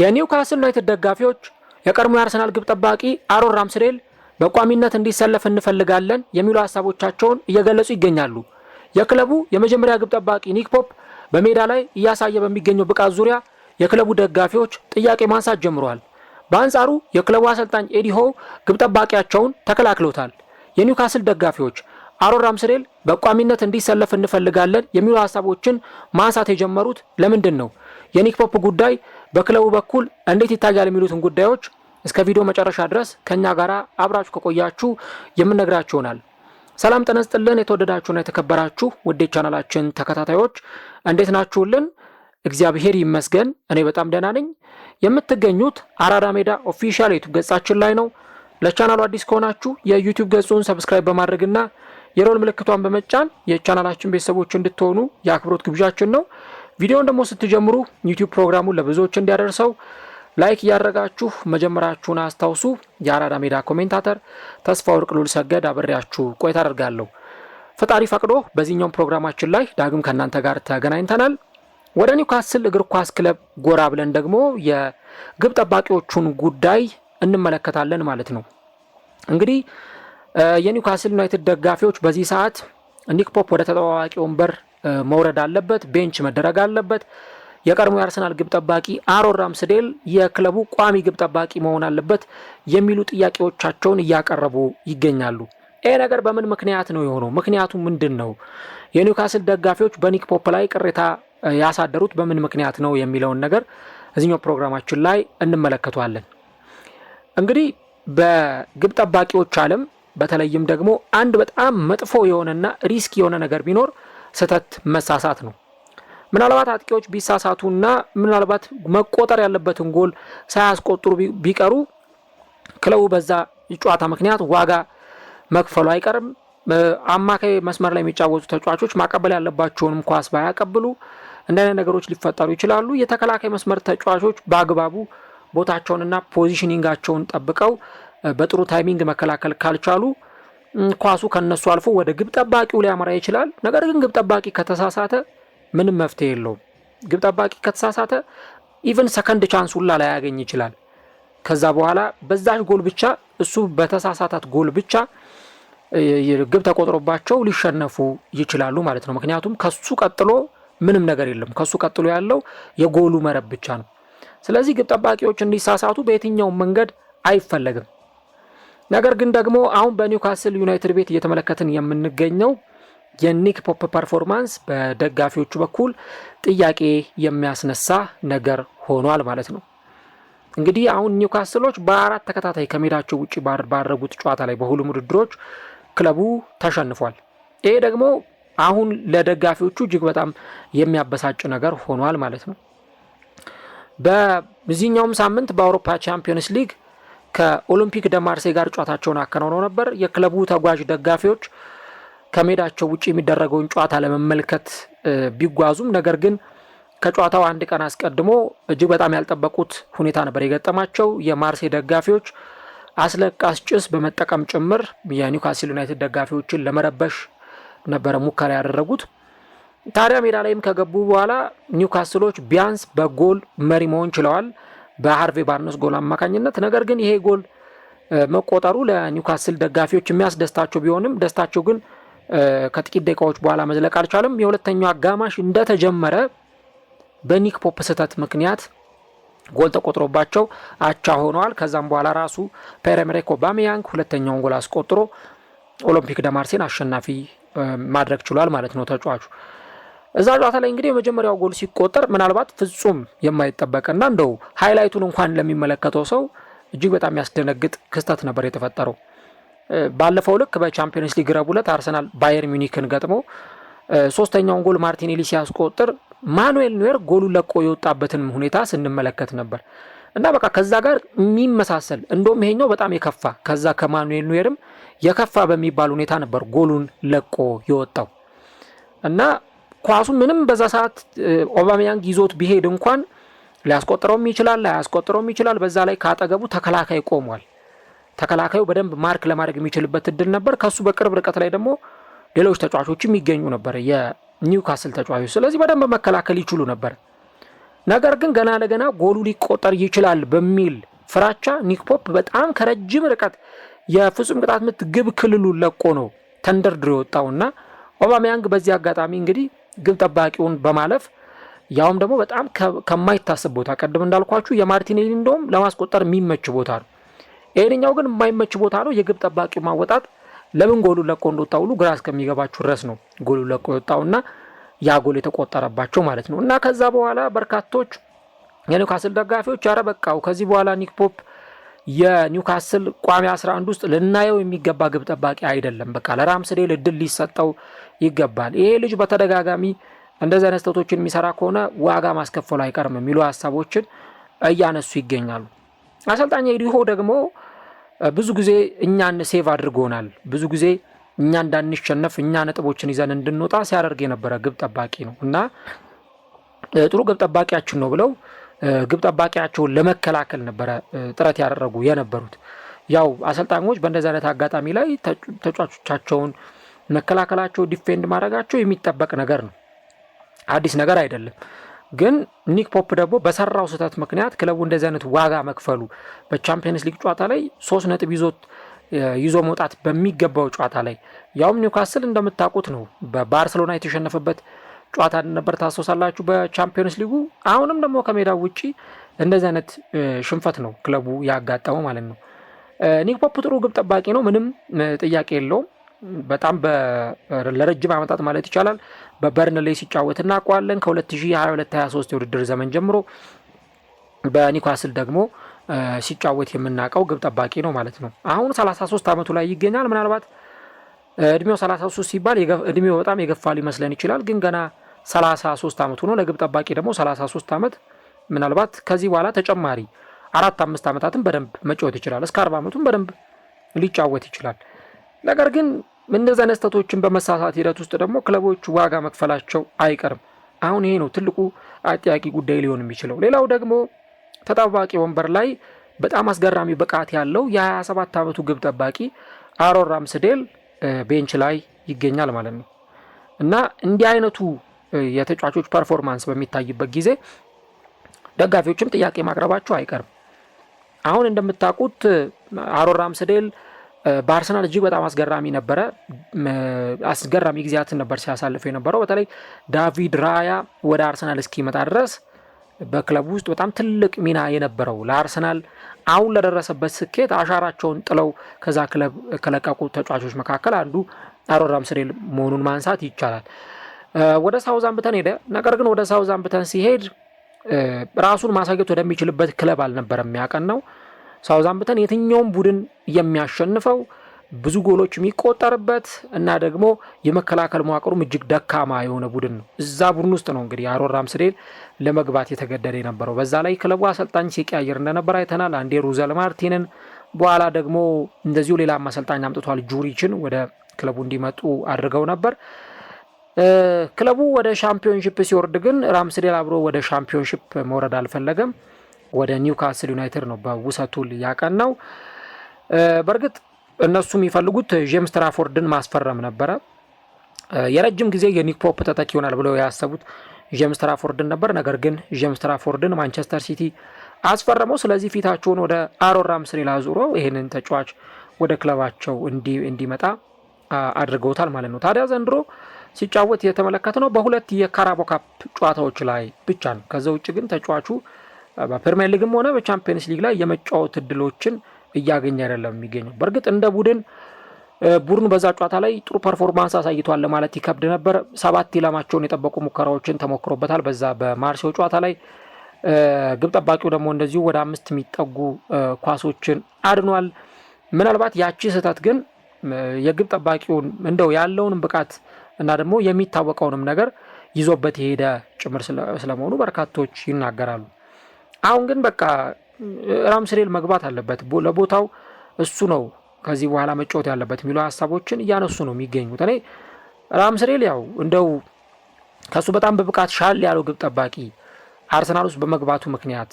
የኒውካስል ዩናይትድ ደጋፊዎች የቀድሞ የአርሰናል ግብ ጠባቂ አሮን ራምስዴል በቋሚነት እንዲሰለፍ እንፈልጋለን የሚሉ ሀሳቦቻቸውን እየገለጹ ይገኛሉ። የክለቡ የመጀመሪያ ግብ ጠባቂ ኒክ ፖፕ በሜዳ ላይ እያሳየ በሚገኘው ብቃት ዙሪያ የክለቡ ደጋፊዎች ጥያቄ ማንሳት ጀምረዋል። በአንጻሩ የክለቡ አሰልጣኝ ኤዲሆ ግብ ጠባቂያቸውን ተከላክለውታል። የኒውካስል ደጋፊዎች አሮን ራምስዴል በቋሚነት እንዲሰለፍ እንፈልጋለን የሚሉ ሀሳቦችን ማንሳት የጀመሩት ለምንድን ነው? የኒክ ፖፕ ጉዳይ በክለቡ በኩል እንዴት ይታያል የሚሉትን ጉዳዮች እስከ ቪዲዮ መጨረሻ ድረስ ከእኛ ጋር አብራችሁ ከቆያችሁ የምነግራችሁ ይሆናል። ሰላም ጤና ይስጥልን። የተወደዳችሁና የተከበራችሁ ውዴ ቻናላችን ተከታታዮች እንዴት ናችሁልን? እግዚአብሔር ይመስገን እኔ በጣም ደህና ነኝ። የምትገኙት አራዳ ሜዳ ኦፊሻል የዩቱብ ገጻችን ላይ ነው። ለቻናሉ አዲስ ከሆናችሁ የዩቱብ ገጹን ሰብስክራይብ በማድረግና የሮል ምልክቷን በመጫን የቻናላችን ቤተሰቦች እንድትሆኑ የአክብሮት ግብዣችን ነው። ቪዲዮውን ደግሞ ስትጀምሩ ዩቲዩብ ፕሮግራሙን ለብዙዎች እንዲያደርሰው ላይክ እያደረጋችሁ መጀመራችሁን አስታውሱ። የአራዳ ሜዳ ኮሜንታተር ተስፋ ወርቅ ሉል ሰገድ አብሬያችሁ ቆይታ አደርጋለሁ። ፈጣሪ ፈቅዶ በዚህኛውም ፕሮግራማችን ላይ ዳግም ከእናንተ ጋር ተገናኝተናል። ወደ ኒውካስል እግር ኳስ ክለብ ጎራ ብለን ደግሞ የግብ ጠባቂዎቹን ጉዳይ እንመለከታለን ማለት ነው። እንግዲህ የኒውካስል ዩናይትድ ደጋፊዎች በዚህ ሰዓት ኒክ ፖፕ ወደ ተጠባባቂ ወንበር መውረድ አለበት፣ ቤንች መደረግ አለበት። የቀድሞ የአርሰናል ግብ ጠባቂ አሮን ራምስዴል የክለቡ ቋሚ ግብ ጠባቂ መሆን አለበት የሚሉ ጥያቄዎቻቸውን እያቀረቡ ይገኛሉ። ይህ ነገር በምን ምክንያት ነው የሆነው? ምክንያቱ ምንድን ነው? የኒውካስል ደጋፊዎች በኒክ ፖፕ ላይ ቅሬታ ያሳደሩት በምን ምክንያት ነው የሚለውን ነገር እዚኛው ፕሮግራማችን ላይ እንመለከተዋለን። እንግዲህ በግብ ጠባቂዎች ዓለም በተለይም ደግሞ አንድ በጣም መጥፎ የሆነና ሪስክ የሆነ ነገር ቢኖር ስህተት መሳሳት ነው። ምናልባት አጥቂዎች ቢሳሳቱና ምናልባት መቆጠር ያለበትን ጎል ሳያስቆጥሩ ቢቀሩ ክለቡ በዛ ጨዋታ ምክንያት ዋጋ መክፈሉ አይቀርም። አማካይ መስመር ላይ የሚጫወቱ ተጫዋቾች ማቀበል ያለባቸውንም ኳስ ባያቀብሉ እንደ ነገሮች ሊፈጠሩ ይችላሉ። የተከላካይ መስመር ተጫዋቾች በአግባቡ ቦታቸውንና ፖዚሽኒንጋቸውን ጠብቀው በጥሩ ታይሚንግ መከላከል ካልቻሉ ኳሱ ከነሱ አልፎ ወደ ግብ ጠባቂው ሊያመራ ይችላል። ነገር ግን ግብ ጠባቂ ከተሳሳተ ምንም መፍትሄ የለውም። ግብ ጠባቂ ከተሳሳተ ኢቨን ሰከንድ ቻንስ ሁላ ላያገኝ ይችላል። ከዛ በኋላ በዛች ጎል ብቻ እሱ በተሳሳታት ጎል ብቻ ግብ ተቆጥሮባቸው ሊሸነፉ ይችላሉ ማለት ነው። ምክንያቱም ከሱ ቀጥሎ ምንም ነገር የለም። ከሱ ቀጥሎ ያለው የጎሉ መረብ ብቻ ነው። ስለዚህ ግብ ጠባቂዎች እንዲሳሳቱ በየትኛውም መንገድ አይፈለግም። ነገር ግን ደግሞ አሁን በኒውካስል ዩናይትድ ቤት እየተመለከትን የምንገኘው የኒክ ፖፕ ፐርፎርማንስ በደጋፊዎቹ በኩል ጥያቄ የሚያስነሳ ነገር ሆኗል ማለት ነው። እንግዲህ አሁን ኒውካስሎች በአራት ተከታታይ ከሜዳቸው ውጭ ባደረጉት ጨዋታ ላይ በሁሉም ውድድሮች ክለቡ ተሸንፏል። ይሄ ደግሞ አሁን ለደጋፊዎቹ እጅግ በጣም የሚያበሳጭ ነገር ሆኗል ማለት ነው። በዚህኛውም ሳምንት በአውሮፓ ቻምፒዮንስ ሊግ ከኦሎምፒክ ደማርሴ ጋር ጨዋታቸውን አከናውነው ነበር። የክለቡ ተጓዥ ደጋፊዎች ከሜዳቸው ውጭ የሚደረገውን ጨዋታ ለመመልከት ቢጓዙም ነገር ግን ከጨዋታው አንድ ቀን አስቀድሞ እጅግ በጣም ያልጠበቁት ሁኔታ ነበር የገጠማቸው። የማርሴ ደጋፊዎች አስለቃስ ጭስ በመጠቀም ጭምር የኒውካስል ዩናይትድ ደጋፊዎችን ለመረበሽ ነበረ ሙከራ ያደረጉት። ታዲያ ሜዳ ላይም ከገቡ በኋላ ኒውካስሎች ቢያንስ በጎል መሪ መሆን ችለዋል። በሀርቬ ባርነስ ጎል አማካኝነት። ነገር ግን ይሄ ጎል መቆጠሩ ለኒውካስል ደጋፊዎች የሚያስደስታቸው ቢሆንም ደስታቸው ግን ከጥቂት ደቂቃዎች በኋላ መዝለቅ አልቻለም። የሁለተኛው አጋማሽ እንደተጀመረ በኒክ ፖፕ ስህተት ምክንያት ጎል ተቆጥሮባቸው አቻ ሆነዋል። ከዛም በኋላ ራሱ ፒየር ኤመሪክ ኦባሜያንግ ሁለተኛውን ጎል አስቆጥሮ ኦሎምፒክ ደማርሴን አሸናፊ ማድረግ ችሏል ማለት ነው ተጫዋቹ እዛ ጨዋታ ላይ እንግዲህ የመጀመሪያው ጎል ሲቆጠር ምናልባት ፍጹም የማይጠበቅና እንደው ሃይላይቱን እንኳን ለሚመለከተው ሰው እጅግ በጣም የሚያስደነግጥ ክስተት ነበር የተፈጠረው። ባለፈው ልክ በቻምፒዮንስ ሊግ ረቡዕ ዕለት አርሰናል ባየር ሚኒክን ገጥሞ ሶስተኛውን ጎል ማርቲኔሊ ሲያስቆጥር ማኑኤል ኑዌር ጎሉን ለቆ የወጣበትን ሁኔታ ስንመለከት ነበር እና በቃ ከዛ ጋር የሚመሳሰል እንደውም ይሄኛው በጣም የከፋ ከዛ ከማኑኤል ኑዌርም የከፋ በሚባል ሁኔታ ነበር ጎሉን ለቆ የወጣው እና ኳሱ ምንም በዛ ሰዓት ኦባሚያንግ ይዞት ቢሄድ እንኳን ሊያስቆጥረውም ይችላል፣ ላያስቆጥረውም ይችላል። በዛ ላይ ከአጠገቡ ተከላካይ ቆሟል። ተከላካዩ በደንብ ማርክ ለማድረግ የሚችልበት እድል ነበር። ከሱ በቅርብ ርቀት ላይ ደግሞ ሌሎች ተጫዋቾችም ይገኙ ነበር፣ የኒውካስል ተጫዋቾች። ስለዚህ በደንብ መከላከል ይችሉ ነበር። ነገር ግን ገና ለገና ጎሉ ሊቆጠር ይችላል በሚል ፍራቻ ኒክ ፖፕ በጣም ከረጅም ርቀት የፍጹም ቅጣት ምት ግብ ክልሉን ለቆ ነው ተንደርድሮ የወጣውና ኦባሚያንግ በዚህ አጋጣሚ እንግዲህ ግብ ጠባቂውን በማለፍ ያውም ደግሞ በጣም ከማይታሰብ ቦታ ቀደም እንዳልኳችሁ የማርቲኔሊ እንደውም ለማስቆጠር የሚመች ቦታ ነው። ይህንኛው ግን የማይመች ቦታ ነው። የግብ ጠባቂው ማወጣት ለምን ጎሉ ለቆ እንደወጣ ሁሉ ግራ እስከሚገባችሁ ድረስ ነው ጎሉ ለቆ የወጣውና ያ ጎል የተቆጠረባቸው ማለት ነው። እና ከዛ በኋላ በርካቶች የኒውካስል ደጋፊዎች አረ በቃው ከዚህ በኋላ ኒክ ፖፕ የኒውካስል ቋሚ 11 ውስጥ ልናየው የሚገባ ግብ ጠባቂ አይደለም። በቃ ለራምስዴል እድል ሊሰጠው ይገባል። ይሄ ልጅ በተደጋጋሚ እንደዚህ አይነት ስህተቶችን የሚሰራ ከሆነ ዋጋ ማስከፈሉ አይቀርም የሚሉ ሀሳቦችን እያነሱ ይገኛሉ። አሰልጣኝ ኤሪሆ ደግሞ ብዙ ጊዜ እኛን ሴቭ አድርጎናል፣ ብዙ ጊዜ እኛ እንዳንሸነፍ፣ እኛ ነጥቦችን ይዘን እንድንወጣ ሲያደርግ የነበረ ግብ ጠባቂ ነው እና ጥሩ ግብ ጠባቂያችን ነው ብለው ግብ ጠባቂያቸውን ለመከላከል ነበረ ጥረት ያደረጉ የነበሩት። ያው አሰልጣኞች በእንደዚህ አይነት አጋጣሚ ላይ ተጫዋቾቻቸውን መከላከላቸው፣ ዲፌንድ ማድረጋቸው የሚጠበቅ ነገር ነው፣ አዲስ ነገር አይደለም። ግን ኒክ ፖፕ ደግሞ በሰራው ስህተት ምክንያት ክለቡ እንደዚህ አይነት ዋጋ መክፈሉ በቻምፒየንስ ሊግ ጨዋታ ላይ ሶስት ነጥብ ይዞት ይዞ መውጣት በሚገባው ጨዋታ ላይ ያውም ኒውካስል እንደምታውቁት ነው በባርሴሎና የተሸነፈበት ጨዋታ ነበር ታስታውሳላችሁ በቻምፒዮንስ ሊጉ። አሁንም ደግሞ ከሜዳው ውጪ እንደዚህ አይነት ሽንፈት ነው ክለቡ ያጋጠመው ማለት ነው። ኒክ ፖፕ ጥሩ ግብ ጠባቂ ነው፣ ምንም ጥያቄ የለውም። በጣም ለረጅም ዓመታት ማለት ይቻላል ላይ ሲጫወት እናውቀዋለን። ከ2022/23 የውድድር ዘመን ጀምሮ በኒኳስል ደግሞ ሲጫወት የምናውቀው ግብ ጠባቂ ነው ማለት ነው። አሁን 33 ዓመቱ ላይ ይገኛል ምናልባት እድሜው 33 ሲባል እድሜው በጣም የገፋ ሊመስለን ይችላል፣ ግን ገና 33 ዓመት ሆኖ ለግብ ጠባቂ ደግሞ 33 ዓመት ምናልባት ከዚህ በኋላ ተጨማሪ አራት አምስት ዓመታትን በደንብ መጫወት ይችላል። እስከ 40 ዓመቱም በደንብ ሊጫወት ይችላል። ነገር ግን እንደዚህ አይነት ስህተቶችን በመሳሳት ሂደት ውስጥ ደግሞ ክለቦች ዋጋ መክፈላቸው አይቀርም። አሁን ይሄ ነው ትልቁ አጥያቂ ጉዳይ ሊሆን የሚችለው። ሌላው ደግሞ ተጠባቂ ወንበር ላይ በጣም አስገራሚ ብቃት ያለው የ27 ዓመቱ ግብ ጠባቂ አሮን ራምስዴል ቤንች ላይ ይገኛል ማለት ነው እና እንዲህ አይነቱ የተጫዋቾች ፐርፎርማንስ በሚታይበት ጊዜ ደጋፊዎችም ጥያቄ ማቅረባቸው አይቀርም። አሁን እንደምታውቁት አሮን ራምስዴል በአርሰናል እጅግ በጣም አስገራሚ ነበረ። አስገራሚ ጊዜያትን ነበር ሲያሳልፈው የነበረው። በተለይ ዳቪድ ራያ ወደ አርሰናል እስኪመጣ ድረስ በክለብ ውስጥ በጣም ትልቅ ሚና የነበረው ለአርሰናል አሁን ለደረሰበት ስኬት አሻራቸውን ጥለው ከዛ ክለብ ከለቀቁ ተጫዋቾች መካከል አንዱ አሮን ራምስዴል መሆኑን ማንሳት ይቻላል። ወደ ሳውዛምብተን ሄደ። ነገር ግን ወደ ሳውዛምብተን ሲሄድ ራሱን ማሳየት ወደሚችልበት ክለብ አልነበረም የሚያቀን ነው። ሳውዛምብተን የትኛውም ቡድን የሚያሸንፈው ብዙ ጎሎች የሚቆጠርበት እና ደግሞ የመከላከል መዋቅሩም እጅግ ደካማ የሆነ ቡድን ነው። እዛ ቡድን ውስጥ ነው እንግዲህ አሮን ራምስዴል ለመግባት የተገደደ የነበረው። በዛ ላይ ክለቡ አሰልጣኝ ሲቀያየር እንደነበር አይተናል። አንዴ ሩዘል ማርቲንን፣ በኋላ ደግሞ እንደዚሁ ሌላም አሰልጣኝ አምጥቷል። ጁሪችን ወደ ክለቡ እንዲመጡ አድርገው ነበር። ክለቡ ወደ ሻምፒዮንሽፕ ሲወርድ ግን ራምስዴል አብሮ ወደ ሻምፒዮንሽፕ መውረድ አልፈለገም። ወደ ኒውካስል ዩናይትድ ነው ያቀን ነው በእርግጥ እነሱ የሚፈልጉት ጄምስ ትራፎርድን ማስፈረም ነበረ። የረጅም ጊዜ የኒክ ፖፕ ተተኪ ይሆናል ብለው ያሰቡት ጄምስ ትራፎርድን ነበር። ነገር ግን ጄምስ ትራፎርድን ማንቸስተር ሲቲ አስፈረመው። ስለዚህ ፊታቸውን ወደ አሮን ራምስዴል ላዙሮ ይህንን ተጫዋች ወደ ክለባቸው እንዲመጣ አድርገውታል ማለት ነው። ታዲያ ዘንድሮ ሲጫወት የተመለከተ ነው በሁለት የካራቦ ካፕ ጨዋታዎች ላይ ብቻ ነው። ከዛ ውጭ ግን ተጫዋቹ በፕሪሚየር ሊግም ሆነ በቻምፒየንስ ሊግ ላይ የመጫወት እድሎችን እያገኘ አይደለም የሚገኘው። በእርግጥ እንደ ቡድን ቡድኑ በዛ ጨዋታ ላይ ጥሩ ፐርፎርማንስ አሳይቷል ለማለት ይከብድ ነበር። ሰባት ኢላማቸውን የጠበቁ ሙከራዎችን ተሞክሮበታል በዛ በማርሴው ጨዋታ ላይ። ግብ ጠባቂው ደግሞ እንደዚሁ ወደ አምስት የሚጠጉ ኳሶችን አድኗል። ምናልባት ያቺ ስህተት ግን የግብ ጠባቂውን እንደው ያለውንም ብቃት እና ደግሞ የሚታወቀውንም ነገር ይዞበት የሄደ ጭምር ስለመሆኑ በርካቶች ይናገራሉ። አሁን ግን በቃ ራምስዴል መግባት አለበት ለቦታው እሱ ነው ከዚህ በኋላ መጫወት ያለበት የሚሉ ሀሳቦችን እያነሱ ነው የሚገኙት። እኔ ራምስዴል ያው እንደው ከእሱ በጣም በብቃት ሻል ያለው ግብ ጠባቂ አርሰናል ውስጥ በመግባቱ ምክንያት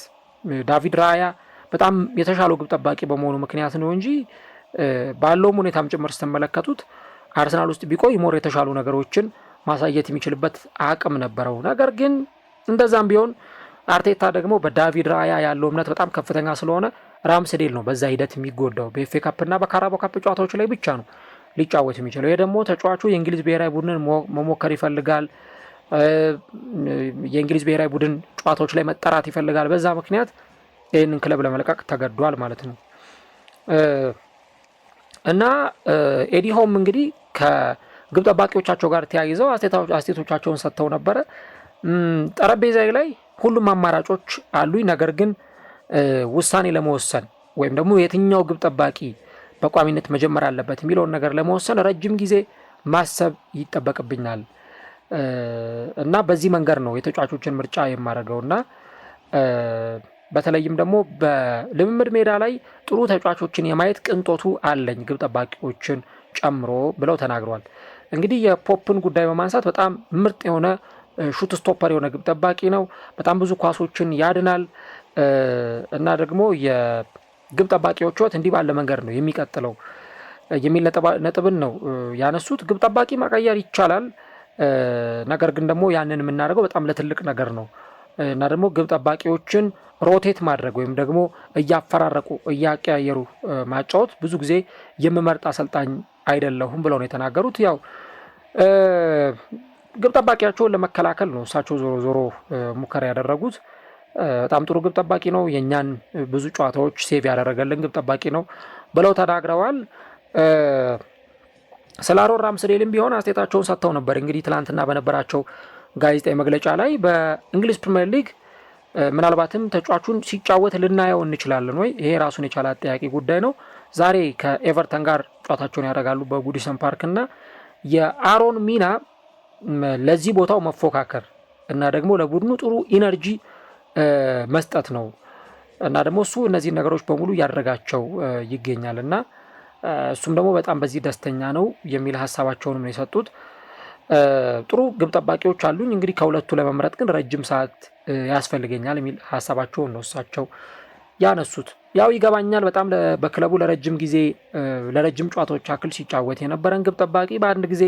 ዳቪድ ራያ በጣም የተሻለው ግብ ጠባቂ በመሆኑ ምክንያት ነው እንጂ ባለውም ሁኔታም ጭምር ስትመለከቱት አርሰናል ውስጥ ቢቆይ ሞር የተሻሉ ነገሮችን ማሳየት የሚችልበት አቅም ነበረው። ነገር ግን እንደዛም ቢሆን አርቴታ ደግሞ በዳቪድ ራያ ያለው እምነት በጣም ከፍተኛ ስለሆነ ራምስዴል ነው በዛ ሂደት የሚጎዳው። በኤፌ ኤ ካፕና በካራቦ ካፕ ጨዋታዎች ላይ ብቻ ነው ሊጫወት የሚችለው። ይህ ደግሞ ተጫዋቹ የእንግሊዝ ብሔራዊ ቡድንን መሞከር ይፈልጋል። የእንግሊዝ ብሔራዊ ቡድን ጨዋታዎች ላይ መጠራት ይፈልጋል። በዛ ምክንያት ይህንን ክለብ ለመልቀቅ ተገዷል ማለት ነው እና ኤዲ ሆም እንግዲህ ከግብ ጠባቂዎቻቸው ጋር ተያይዘው አስቴቶቻቸውን ሰጥተው ነበረ ጠረጴዛ ላይ ሁሉም አማራጮች አሉኝ። ነገር ግን ውሳኔ ለመወሰን ወይም ደግሞ የትኛው ግብ ጠባቂ በቋሚነት መጀመር አለበት የሚለውን ነገር ለመወሰን ረጅም ጊዜ ማሰብ ይጠበቅብኛል እና በዚህ መንገድ ነው የተጫዋቾችን ምርጫ የማደርገው እና በተለይም ደግሞ በልምምድ ሜዳ ላይ ጥሩ ተጫዋቾችን የማየት ቅንጦቱ አለኝ ግብ ጠባቂዎችን ጨምሮ ብለው ተናግረዋል። እንግዲህ የፖፕን ጉዳይ በማንሳት በጣም ምርጥ የሆነ ሹት ስቶፐር የሆነ ግብ ጠባቂ ነው። በጣም ብዙ ኳሶችን ያድናል እና ደግሞ የግብ ጠባቂዎች ወት እንዲህ ባለ መንገድ ነው የሚቀጥለው የሚል ነጥብን ነው ያነሱት። ግብ ጠባቂ መቀየር ይቻላል፣ ነገር ግን ደግሞ ያንን የምናደርገው በጣም ለትልቅ ነገር ነው እና ደግሞ ግብ ጠባቂዎችን ሮቴት ማድረግ ወይም ደግሞ እያፈራረቁ እያቀያየሩ ማጫወት ብዙ ጊዜ የምመርጥ አሰልጣኝ አይደለሁም ብለው ነው የተናገሩት ያው ግብ ጠባቂያቸውን ለመከላከል ነው እሳቸው ዞሮ ዞሮ ሙከራ ያደረጉት። በጣም ጥሩ ግብ ጠባቂ ነው። የእኛን ብዙ ጨዋታዎች ሴቭ ያደረገልን ግብ ጠባቂ ነው ብለው ተናግረዋል። ስለ አሮን ራምስዴልም ቢሆን አስተያየታቸውን ሰጥተው ነበር። እንግዲህ ትላንትና በነበራቸው ጋዜጣዊ መግለጫ ላይ በእንግሊዝ ፕሪምየር ሊግ ምናልባትም ተጫዋቹን ሲጫወት ልናየው እንችላለን ወይ? ይሄ ራሱን የቻለ አጠያቂ ጉዳይ ነው። ዛሬ ከኤቨርተን ጋር ጨዋታቸውን ያደርጋሉ በጉዲሰን ፓርክ እና የአሮን ሚና ለዚህ ቦታው መፎካከር እና ደግሞ ለቡድኑ ጥሩ ኢነርጂ መስጠት ነው እና ደግሞ እሱ እነዚህን ነገሮች በሙሉ እያደረጋቸው ይገኛል እና እሱም ደግሞ በጣም በዚህ ደስተኛ ነው የሚል ሀሳባቸውንም የሰጡት። ጥሩ ግብ ጠባቂዎች አሉኝ እንግዲህ ከሁለቱ ለመምረጥ ግን ረጅም ሰዓት ያስፈልገኛል የሚል ሀሳባቸውን ነው እሳቸው ያነሱት። ያው ይገባኛል በጣም በክለቡ ለረጅም ጊዜ ለረጅም ጨዋታዎች አክል ሲጫወት የነበረን ግብ ጠባቂ በአንድ ጊዜ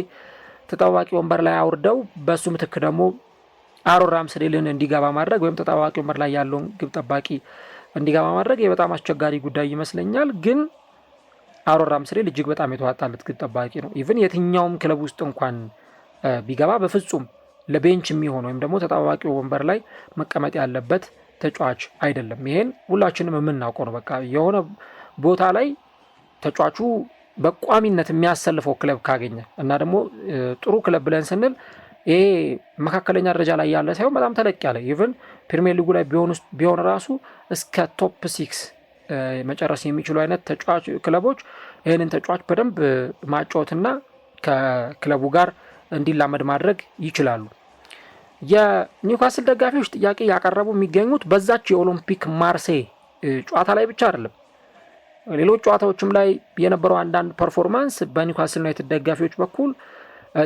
ተጠባባቂ ወንበር ላይ አውርደው በሱ ምትክ ደግሞ አሮን ራምስዴልን እንዲገባ ማድረግ ወይም ተጠባባቂ ወንበር ላይ ያለውን ግብ ጠባቂ እንዲገባ ማድረግ ይህ በጣም አስቸጋሪ ጉዳይ ይመስለኛል። ግን አሮን ራምስዴል እጅግ በጣም የተዋጣለት ግብ ጠባቂ ነው። ኢቭን የትኛውም ክለብ ውስጥ እንኳን ቢገባ በፍጹም ለቤንች የሚሆን ወይም ደግሞ ተጠባባቂ ወንበር ላይ መቀመጥ ያለበት ተጫዋች አይደለም። ይሄን ሁላችንም የምናውቀው ነው። በቃ የሆነ ቦታ ላይ ተጫዋቹ በቋሚነት የሚያሰልፈው ክለብ ካገኘ እና ደግሞ ጥሩ ክለብ ብለን ስንል ይሄ መካከለኛ ደረጃ ላይ ያለ ሳይሆን በጣም ተለቅ ያለ ኢቨን ፕሪሚየር ሊጉ ላይ ቢሆን ራሱ እስከ ቶፕ ሲክስ መጨረስ የሚችሉ አይነት ተጫዋች ክለቦች ይህንን ተጫዋች በደንብ ማጫወትና ከክለቡ ጋር እንዲላመድ ማድረግ ይችላሉ። የኒውካስል ደጋፊዎች ጥያቄ ያቀረቡ የሚገኙት በዛች የኦሎምፒክ ማርሴይ ጨዋታ ላይ ብቻ አይደለም። ሌሎች ጨዋታዎችም ላይ የነበረው አንዳንድ ፐርፎርማንስ በኒውካስል ዩናይትድ ደጋፊዎች በኩል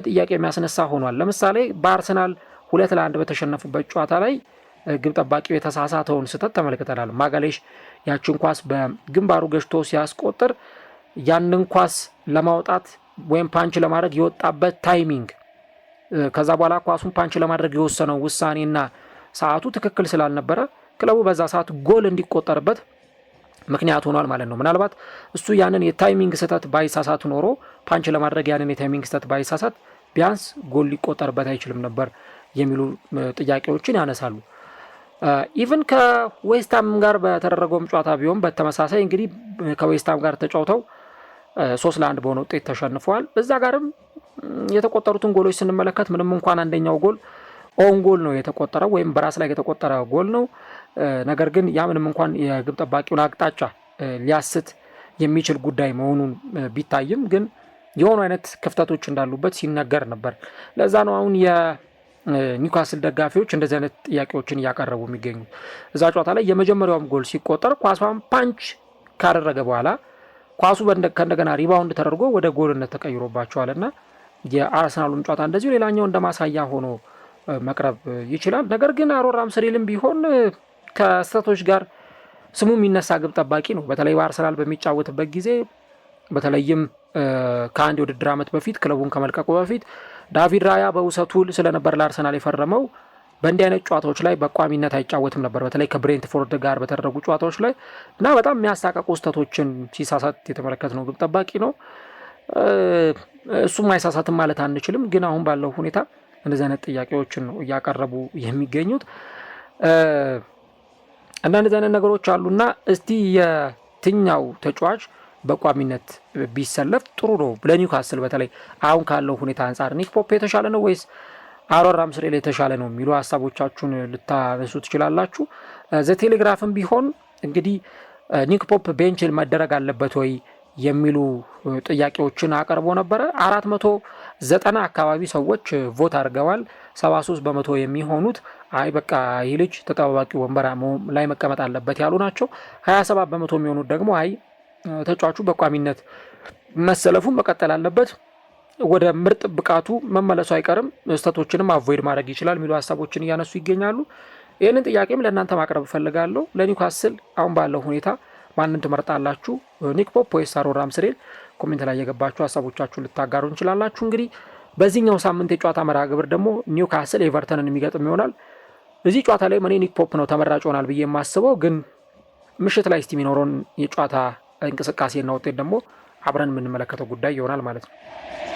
ጥያቄ የሚያስነሳ ሆኗል። ለምሳሌ በአርሰናል ሁለት ለአንድ በተሸነፉበት ጨዋታ ላይ ግብ ጠባቂው የተሳሳተውን ስህተት ተመልክተናል። ማጋሌሽ ያችን ኳስ በግንባሩ ገጭቶ ሲያስቆጥር ያንን ኳስ ለማውጣት ወይም ፓንች ለማድረግ የወጣበት ታይሚንግ ከዛ በኋላ ኳሱን ፓንች ለማድረግ የወሰነው ውሳኔና ሰዓቱ ትክክል ስላልነበረ ክለቡ በዛ ሰዓት ጎል እንዲቆጠርበት ምክንያት ሆኗል ማለት ነው። ምናልባት እሱ ያንን የታይሚንግ ስህተት ባይሳሳት ኖሮ ፓንች ለማድረግ ያንን የታይሚንግ ስህተት ባይሳሳት ቢያንስ ጎል ሊቆጠርበት አይችልም ነበር የሚሉ ጥያቄዎችን ያነሳሉ። ኢቨን ከዌስትሃም ጋር በተደረገውም ጨዋታ ቢሆን በተመሳሳይ እንግዲህ ከዌስትሃም ጋር ተጫውተው ሶስት ለአንድ በሆነ ውጤት ተሸንፈዋል። እዛ ጋርም የተቆጠሩትን ጎሎች ስንመለከት ምንም እንኳን አንደኛው ጎል ኦን ጎል ነው የተቆጠረው ወይም በራስ ላይ የተቆጠረ ጎል ነው። ነገር ግን ያ ምንም እንኳን የግብ ጠባቂውን አቅጣጫ ሊያስት የሚችል ጉዳይ መሆኑን ቢታይም ግን የሆኑ አይነት ክፍተቶች እንዳሉበት ሲነገር ነበር። ለዛ ነው አሁን የኒውካስል ደጋፊዎች እንደዚህ አይነት ጥያቄዎችን እያቀረቡ የሚገኙ። እዛ ጨዋታ ላይ የመጀመሪያውም ጎል ሲቆጠር ኳሷን ፓንች ካደረገ በኋላ ኳሱ ከእንደገና ሪባውንድ ተደርጎ ወደ ጎልነት ተቀይሮባቸዋል እና የአርሰናሉም ጨዋታ እንደዚሁ ሌላኛው እንደ ማሳያ ሆኖ መቅረብ ይችላል። ነገር ግን አሮራም ስሪልም ቢሆን ከስህተቶች ጋር ስሙ የሚነሳ ግብ ጠባቂ ነው። በተለይ በአርሰናል በሚጫወትበት ጊዜ በተለይም ከአንድ የውድድር ዓመት በፊት ክለቡን ከመልቀቁ በፊት ዳቪድ ራያ በውሰት ውል ስለነበር ለአርሰናል የፈረመው በእንዲህ አይነት ጨዋታዎች ላይ በቋሚነት አይጫወትም ነበር። በተለይ ከብሬንትፎርድ ጋር በተደረጉ ጨዋታዎች ላይ እና በጣም የሚያሳቀቁ ስህተቶችን ሲሳሳት ነው ግብ ጠባቂ ነው። እሱም አይሳሳትም ማለት አንችልም፣ ግን አሁን ባለው ሁኔታ እንደዚህ አይነት ጥያቄዎችን ነው እያቀረቡ የሚገኙት እና እንደዚህ አይነት ነገሮች አሉና እስቲ የትኛው ተጫዋች በቋሚነት ቢሰለፍ ጥሩ ነው ለኒውካስል በተለይ አሁን ካለው ሁኔታ አንጻር ኒክ ፖፕ የተሻለ ነው ወይስ አሮን ራምስዴል የተሻለ ነው የሚሉ ሀሳቦቻችሁን ልታነሱ ትችላላችሁ። ዘቴሌግራፍም ቢሆን እንግዲህ ኒክ ፖፕ ቤንችል መደረግ አለበት ወይ የሚሉ ጥያቄዎችን አቅርቦ ነበረ። አራት መቶ ዘጠና አካባቢ ሰዎች ቮት አድርገዋል። ሰባ ሶስት በመቶ የሚሆኑት አይ በቃ ይህ ልጅ ተጠባባቂ ወንበር ላይ መቀመጥ አለበት ያሉ ናቸው። ሀያ ሰባት በመቶ የሚሆኑት ደግሞ አይ ተጫዋቹ በቋሚነት መሰለፉን መቀጠል አለበት፣ ወደ ምርጥ ብቃቱ መመለሱ አይቀርም፣ ስህተቶችንም አቮይድ ማድረግ ይችላል የሚሉ ሀሳቦችን እያነሱ ይገኛሉ። ይህንን ጥያቄም ለእናንተ ማቅረብ እፈልጋለሁ። ለኒውካስል አሁን ባለው ሁኔታ ማንን ትመርጣላችሁ? ኒክ ፖፕ ወይስ አሮን ራምስዴል? ኮሜንት ላይ የገባችሁ ሀሳቦቻችሁን ልታጋሩ እንችላላችሁ። እንግዲህ በዚህኛው ሳምንት የጨዋታ መርሃ ግብር ደግሞ ኒውካስል ኤቨርተንን የሚገጥም ይሆናል። እዚህ ጨዋታ ላይ እኔ ኒክ ፖፕ ነው ተመራጭ ይሆናል ብዬ የማስበው፣ ግን ምሽት ላይ ስቲ የሚኖረውን የጨዋታ እንቅስቃሴና ውጤት ደግሞ አብረን የምንመለከተው ጉዳይ ይሆናል ማለት ነው።